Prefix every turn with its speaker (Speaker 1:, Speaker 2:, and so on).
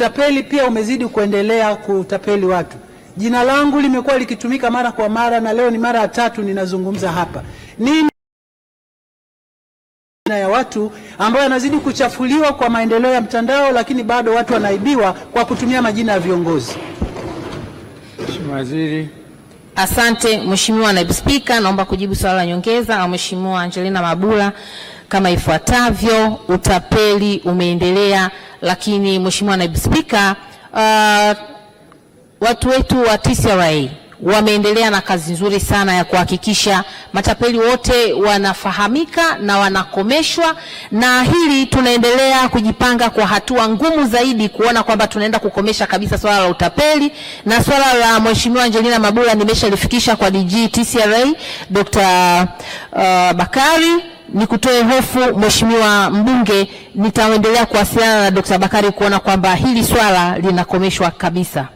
Speaker 1: Utapeli pia umezidi kuendelea kutapeli watu. Jina langu limekuwa likitumika mara kwa mara na leo ni mara ya tatu ninazungumza hapa. Nini ya watu ambayo yanazidi kuchafuliwa kwa maendeleo ya mtandao, lakini bado watu wanaibiwa kwa kutumia majina ya viongozi.
Speaker 2: Mheshimiwa Waziri. Asante Mheshimiwa Naibu Spika, naomba kujibu swali la nyongeza la Mheshimiwa Angelina Mabula kama ifuatavyo. Utapeli umeendelea, lakini Mheshimiwa Naibu Spika, uh, watu wetu wa TCRA wameendelea na kazi nzuri sana ya kuhakikisha matapeli wote wanafahamika na wanakomeshwa, na hili tunaendelea kujipanga kwa hatua ngumu zaidi kuona kwamba tunaenda kukomesha kabisa swala la utapeli. Na swala la Mheshimiwa Angelina Mabula nimeshalifikisha kwa DG TCRA Dr. Uh, Bakari ni kutoe hofu Mheshimiwa Mbunge, nitaendelea kuwasiliana na Dr. Bakari kuona kwamba hili swala linakomeshwa kabisa.